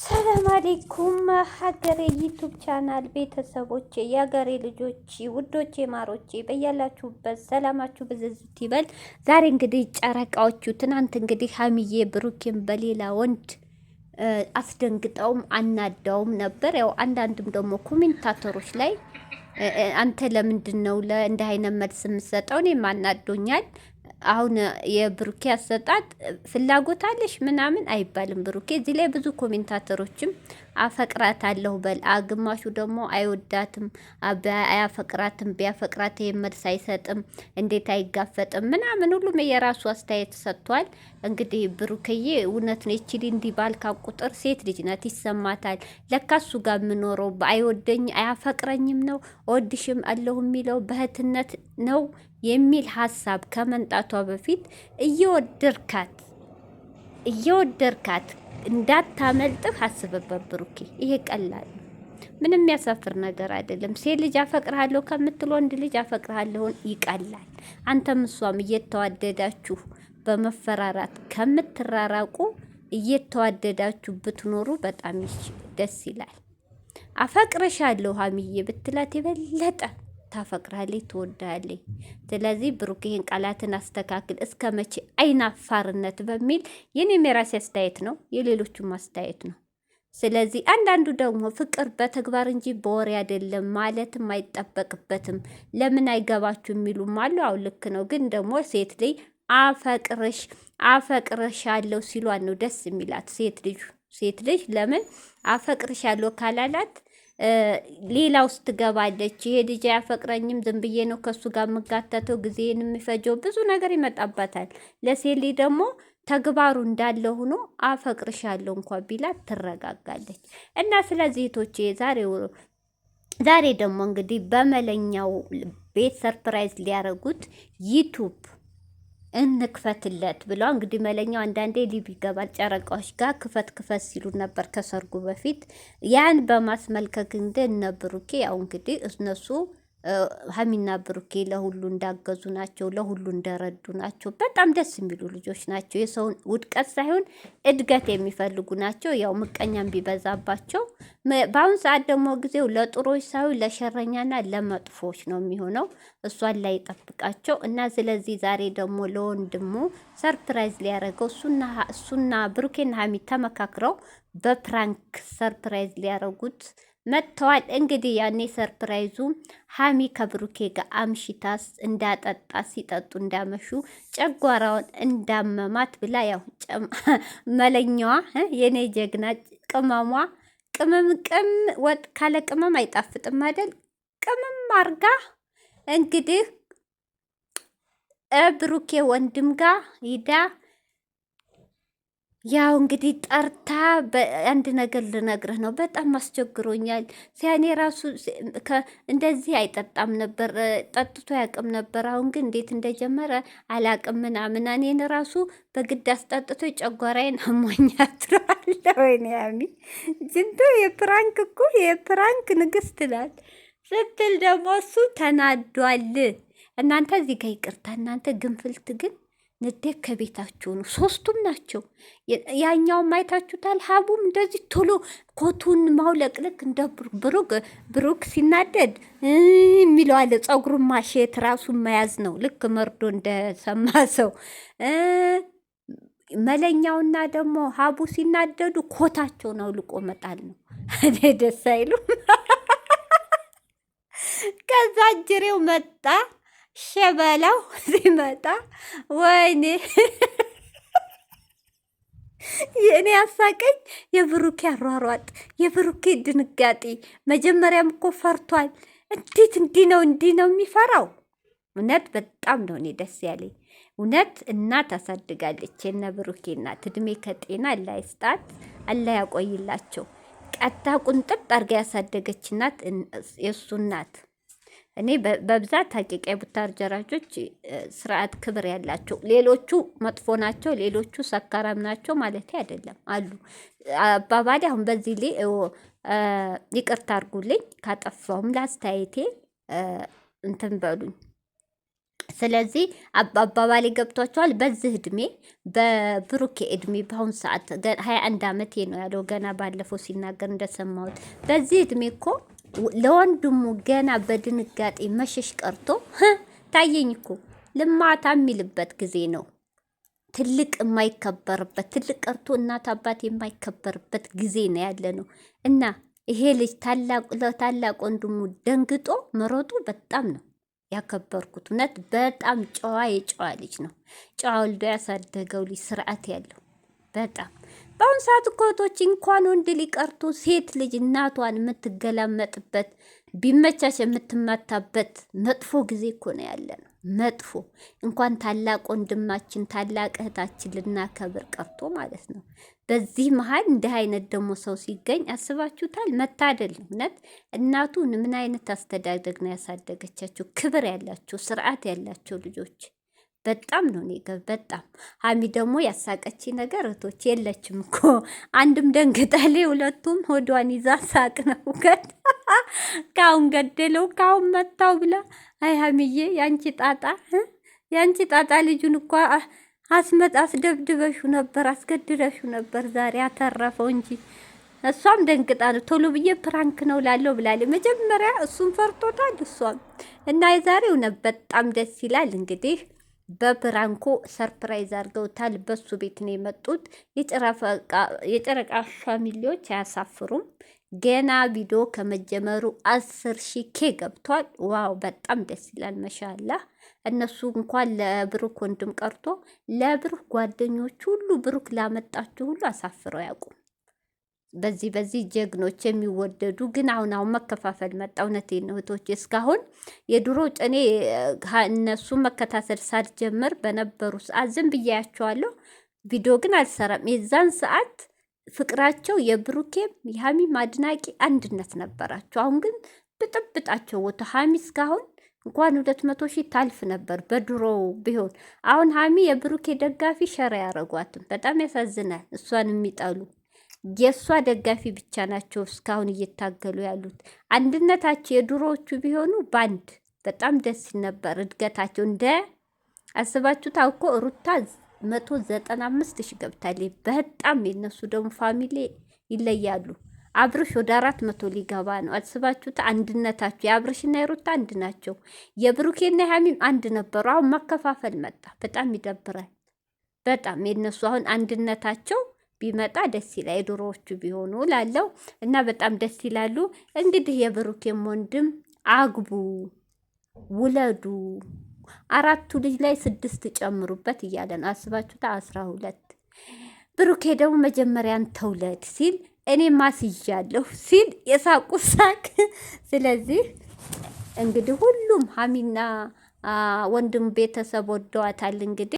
ሰላም አሌይኩም ሀገሬ ዩቱብ ቻናል ቤተሰቦቼ፣ የሀገሬ ልጆች፣ ውዶቼ፣ ማሮቼ በያላችሁበት ሰላማችሁ ብዝዝት ይበል። ዛሬ እንግዲህ ጨረቃዎቹ ትናንት እንግዲህ ሀሚዬ ብሩኬን በሌላ ወንድ አስደንግጠውም አናዳውም ነበር። ያው አንዳንድም ደግሞ ኮሜንታተሮች ላይ አንተ ለምንድን ነው ለእንደ አይነት መልስ የምሰጠው? እኔም አናዶኛል። አሁን የብሩኬ አሰጣጥ ፍላጎት አለሽ ምናምን አይባልም። ብሩኬ እዚህ ላይ ብዙ ኮሜንታተሮችም አፈቅራታለሁ በል፣ ግማሹ ደግሞ አይወዳትም፣ አያፈቅራትም፣ ቢያፈቅራት መልስ አይሰጥም፣ እንዴት አይጋፈጥም ምናምን፣ ሁሉም የራሱ አስተያየት ሰጥቷል። እንግዲህ ብሩክዬ እውነት ነው። ይችል እንዲህ ባልካ ቁጥር ሴት ልጅ ናት፣ ይሰማታል። ለካሱ ጋር የምኖረው አይወደኝ አያፈቅረኝም ነው፣ ወድሽም አለሁ የሚለው በእህትነት ነው የሚል ሀሳብ ከመምጣቷ በፊት እየወደድካት እየወደድካት እንዳታመልጥህ አስብበት ብሩኬ። ይሄ ቀላል ምንም የሚያሳፍር ነገር አይደለም። ሴት ልጅ አፈቅርሃለሁ ከምትል ወንድ ልጅ አፈቅርሃለሁን ይቀላል። አንተም እሷም እየተዋደዳችሁ በመፈራራት ከምትራራቁ እየተዋደዳችሁ ብትኖሩ በጣም ደስ ይላል። አፈቅረሻለሁ ሀሚዬ ብትላት የበለጠ ታፈቅራለች፣ ትወዳለች። ስለዚህ ብሩክ ይህን ቃላትን አስተካክል። እስከ መቼ አይናፋርነት በሚል የኔም የራሴ አስተያየት ነው፣ የሌሎቹም አስተያየት ነው። ስለዚህ አንዳንዱ ደግሞ ፍቅር በተግባር እንጂ በወሬ አይደለም ማለትም አይጠበቅበትም። ለምን አይገባችሁ የሚሉም አሉ። አዎ ልክ ነው። ግን ደግሞ ሴት ልጅ አፈቅርሽ አፈቅርሽ አፈቅርሻለሁ ሲሏን ነው ደስ የሚላት ሴት ልጅ ሴት ልጅ ለምን አፈቅርሽ አፈቅርሻለሁ ካላላት ሌላ ውስጥ ትገባለች። ይሄ ልጅ አያፈቅረኝም፣ ዝም ብዬ ነው ከሱ ጋር የምጋተተው፣ ጊዜን የሚፈጀው ብዙ ነገር ይመጣበታል። ለሴሊ ደግሞ ተግባሩ እንዳለ ሆኖ አፈቅርሻለሁ እንኳ ቢላት ትረጋጋለች። እና ስለዚህ ቶቼ ዛሬ ዛሬ ደግሞ እንግዲህ በመለኛው ቤት ሰርፕራይዝ ሊያረጉት ዩቱብ እንክፈትለት ብሎ እንግዲህ መለኛው አንዳንዴ ሊብ ይገባል። ጨረቃዎች ጋር ክፈት ክፈት ሲሉ ነበር ከሰርጉ በፊት ያን በማስመልከክ እንደ እነ ብሩኬ ያው እንግዲህ እነሱ ሀሚና ብሩኬ ለሁሉ እንዳገዙ ናቸው፣ ለሁሉ እንደረዱ ናቸው። በጣም ደስ የሚሉ ልጆች ናቸው። የሰውን ውድቀት ሳይሆን እድገት የሚፈልጉ ናቸው። ያው ምቀኛም ቢበዛባቸው በአሁን ሰዓት ደግሞ ጊዜው ለጥሮች ሳይሆን ለሸረኛና ለመጥፎች ነው የሚሆነው። እሷን ላይ ጠብቃቸው እና ስለዚህ ዛሬ ደግሞ ለወንድሙ ሰርፕራይዝ ሊያደርገው እሱና ብሩኬና ሀሚ ተመካክረው በፕራንክ ሰርፕራይዝ ሊያደርጉት መጥተዋል። እንግዲህ ያኔ ሰርፕራይዙ ሀሚ ከብሩኬ ጋር አምሽታስ እንዳጠጣ ሲጠጡ እንዳመሹ ጨጓራውን እንዳመማት ብላ ያው መለኛዋ የኔ ጀግና ቅመሟ ቅመም ቅም ወጥ ካለ ቅመም አይጣፍጥም አይደል? ቅመም አርጋ እንግዲህ ብሩኬ ወንድም ጋር ሂዳ ያው እንግዲህ ጠርታ በአንድ ነገር ልነግርህ ነው። በጣም አስቸግሮኛል። ሲያኔ ራሱ እንደዚህ አይጠጣም ነበር፣ ጠጥቶ ያቅም ነበር። አሁን ግን እንዴት እንደጀመረ አላቅም ምናምን። እኔን ራሱ በግድ አስጠጥቶ ጨጓራዬን አሞኛል ትለዋለህ። ወይኔ ያሚ ጅንቶ የፕራንክ እኮ የፕራንክ ንግስት ናት ስትል ደግሞ እሱ ተናዷል። እናንተ እዚህ ጋ ይቅርታ እናንተ ግንፍልት ግን ንዴት ከቤታችሁ ነው። ሶስቱም ናቸው። ያኛውም ማይታችሁታል ሀቡም እንደዚህ ቶሎ ኮቱን ማውለቅለቅ እንደ ብሩክ ብሩክ ሲናደድ የሚለው አለ። ፀጉሩን ማሸት ራሱን መያዝ ነው። ልክ መርዶ እንደሰማ ሰው መለኛውና ደግሞ ሀቡ ሲናደዱ ኮታቸውን አውልቆ መጣል ነው። እኔ ደስ አይሉም። ከዛ ጅሬው መጣ ሸበላው ሲመጣ ወይኔ የእኔ አሳቀኝ። የብሩኬ አሯሯጥ፣ የብሩኬ ድንጋጤ። መጀመሪያም እኮ ፈርቷል። እንዴት እንዲህ ነው እንዲህ ነው የሚፈራው? እውነት በጣም ነው እኔ ደስ ያለኝ። እውነት እናት አሳድጋለች። የነ ብሩኬ እናት እድሜ ከጤና አላህ ይስጣት፣ አላህ ያቆይላቸው። ቀጣ ቁንጥብ አድርጋ ያሳደገች እናት የእሱ እናት እኔ በብዛት ታቂቃ የቡታ ጀራጆች ስርዓት ክብር ያላቸው ሌሎቹ መጥፎ ናቸው፣ ሌሎቹ ሰካራም ናቸው ማለት አይደለም። አሉ አባባሌ አሁን በዚህ ላይ ይቅርታ አድርጉልኝ፣ ካጠፋውም ላስተያየቴ እንትን በሉኝ። ስለዚህ አባባሌ ገብቷቸዋል። በዚህ እድሜ በብሩኬ እድሜ በአሁኑ ሰዓት ሀያ አንድ አመቴ ነው ያለው ገና ባለፈው ሲናገር እንደሰማሁት በዚህ እድሜ እኮ ለወንድሙ ገና በድንጋጤ መሸሽ ቀርቶ ታየኝ እኮ ልማታ የሚልበት ጊዜ ነው። ትልቅ የማይከበርበት ትልቅ ቀርቶ እናት አባት የማይከበርበት ጊዜ ነው ያለ ነው እና ይሄ ልጅ ለታላቅ ወንድሙ ደንግጦ መሮጡ በጣም ነው ያከበርኩት። እውነት በጣም ጨዋ የጨዋ ልጅ ነው። ጨዋ ወልዶ ያሳደገው ልጅ ስርዓት ያለው በጣም በአሁን ሰዓት እኮ እህቶች እንኳን ወንድ ሊቀርቱ ሴት ልጅ እናቷን የምትገላመጥበት ቢመቻች የምትመታበት መጥፎ ጊዜ እኮ ነው ያለ ነው። መጥፎ እንኳን ታላቅ ወንድማችን ታላቅ እህታችን ልናከብር ቀርቶ ማለት ነው። በዚህ መሀል እንዲህ አይነት ደግሞ ሰው ሲገኝ አስባችሁታል? መታደል ነው እውነት። እናቱን ምን አይነት አስተዳደግ ነው ያሳደገቻቸው? ክብር ያላቸው ስርዓት ያላቸው ልጆች በጣም ነው እኔ በጣም ሀሚ ደግሞ ያሳቀች ነገር እህቶች የለችም እኮ አንድም ደንግጣሌ ሁለቱም ሆዷን ይዛ ሳቅ ነው ገድ ካሁን ገደለው ካሁን መታው ብላ አይ ሀሚዬ ያንቺ ጣጣ ያንቺ ጣጣ ልጁን እኮ አስመጥ አስደብድበሹ ነበር አስገድረሹ ነበር ዛሬ አተረፈው እንጂ እሷም ደንግጣ ነው ቶሎ ብዬ ፕራንክ ነው ላለው ብላለች። መጀመሪያ እሱን ፈርቶታል እሷም እና የዛሬው በጣም ደስ ይላል እንግዲህ በብራንኮ ሰርፕራይዝ አድርገውታል። በሱ ቤት ነው የመጡት። የጨረቃ ፋሚሊዎች አያሳፍሩም። ገና ቪዲዮ ከመጀመሩ አስር ሺ ኬ ገብቷል። ዋው በጣም ደስ ይላል። መሻላ እነሱ እንኳን ለብሩክ ወንድም ቀርቶ ለብሩክ ጓደኞች ሁሉ ብሩክ ላመጣችሁ ሁሉ አሳፍረው ያውቁም። በዚህ በዚህ ጀግኖች የሚወደዱ ግን አሁን አሁን መከፋፈል መጣ። እውነት ነው እስካሁን የድሮ ጭኔ እነሱ መከታተል ሳልጀምር በነበሩ ሰዓት ዝም ብያያቸዋለሁ። ቪዲዮ ግን አልሰራም። የዛን ሰዓት ፍቅራቸው የብሩኬም የሀሚም አድናቂ አንድነት ነበራቸው። አሁን ግን ብጥብጣቸው ወጥቶ ሀሚ እስካሁን እንኳን ሁለት መቶ ሺህ ታልፍ ነበር በድሮ ቢሆን። አሁን ሀሚ የብሩኬ ደጋፊ ሸራ ያረጓትም። በጣም ያሳዝናል። እሷን የሚጠሉ የእሷ ደጋፊ ብቻ ናቸው እስካሁን እየታገሉ ያሉት። አንድነታቸው የድሮዎቹ ቢሆኑ ባንድ በጣም ደስ ሲል ነበር። እድገታቸው እንደ አስባችሁት እኮ ሩታ መቶ ዘጠና አምስት ሺ ገብታለች። በጣም የነሱ ደግሞ ፋሚሊ ይለያሉ። አብርሽ ወደ አራት መቶ ሊገባ ነው። አስባችሁት አንድነታቸው። የአብርሽና የሩታ አንድ ናቸው። የብሩኬና የሀሚም አንድ ነበሩ። አሁን መከፋፈል መጣ። በጣም ይደብራል። በጣም የነሱ አሁን አንድነታቸው ቢመጣ ደስ ይላል። የድሮዎቹ ቢሆኑ ላለው እና በጣም ደስ ይላሉ። እንግዲህ የብሩኬም ወንድም አግቡ፣ ውለዱ፣ አራቱ ልጅ ላይ ስድስት ጨምሩበት እያለን አስባችሁታ አስራ ሁለት ብሩኬ ደግሞ መጀመሪያን ተውለድ ሲል እኔ ማስያለሁ ሲል የሳቁ ሳቅ። ስለዚህ እንግዲህ ሁሉም ሀሚና ወንድም ቤተሰብ ወደዋታል እንግዲህ